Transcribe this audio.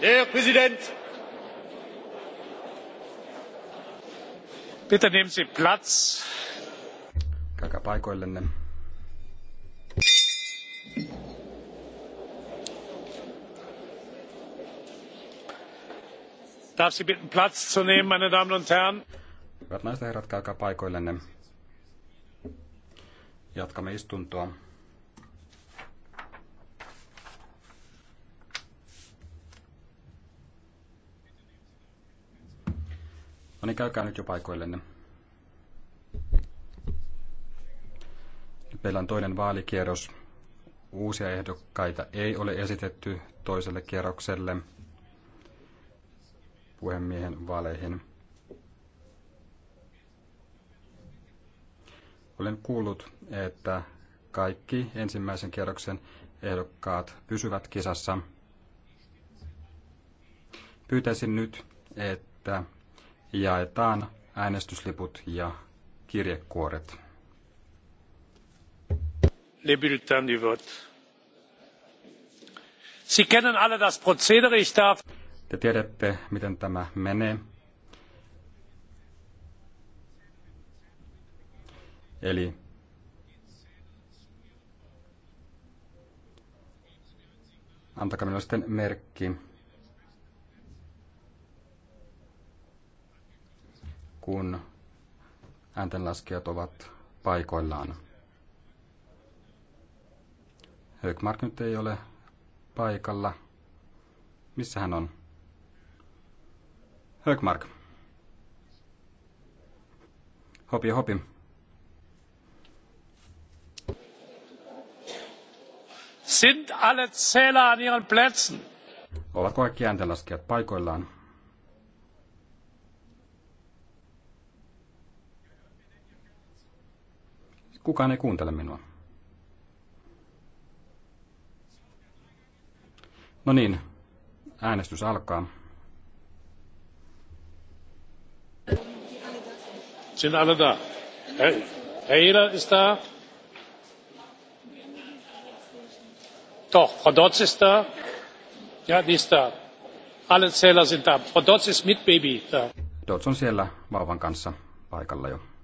herr präsident! bitte nehmen sie platz. paikoillenne. darf sie bitten platz zu nehmen meine damen und herren? hyvät naiset ja herrat käykää paikoillenne. jatkamme istuntoa. niin, käykää nyt jo paikoillenne. Meillä on toinen vaalikierros. Uusia ehdokkaita ei ole esitetty toiselle kierrokselle puhemiehen vaaleihin. Olen kuullut, että kaikki ensimmäisen kierroksen ehdokkaat pysyvät kisassa. Pyytäisin nyt, että jaetaan äänestysliput ja kirjekuoret. Les bulletins du vote. Sie kennen alle das Prozedere. Ich darf... Te tiedätte, miten tämä menee. Eli antakaa minulle sitten merkki. kun ääntenlaskijat ovat paikoillaan. Högmark nyt ei ole paikalla. Missä hän on? Högmark. Hopi hopi. Sind alle Zähler an ihren Plätzen? Ovatko kaikki ääntenlaskijat paikoillaan? Kukaan ei kuuntele minua. No niin, äänestys alkaa. Sind alle da? Herr Ehler ist da? Doch, Frau Dotz ist da? Ja, die ist da. Alle Zähler sind da. Frau Dotz ist mit Baby da. Dotz on siellä vauvan kanssa paikalla jo.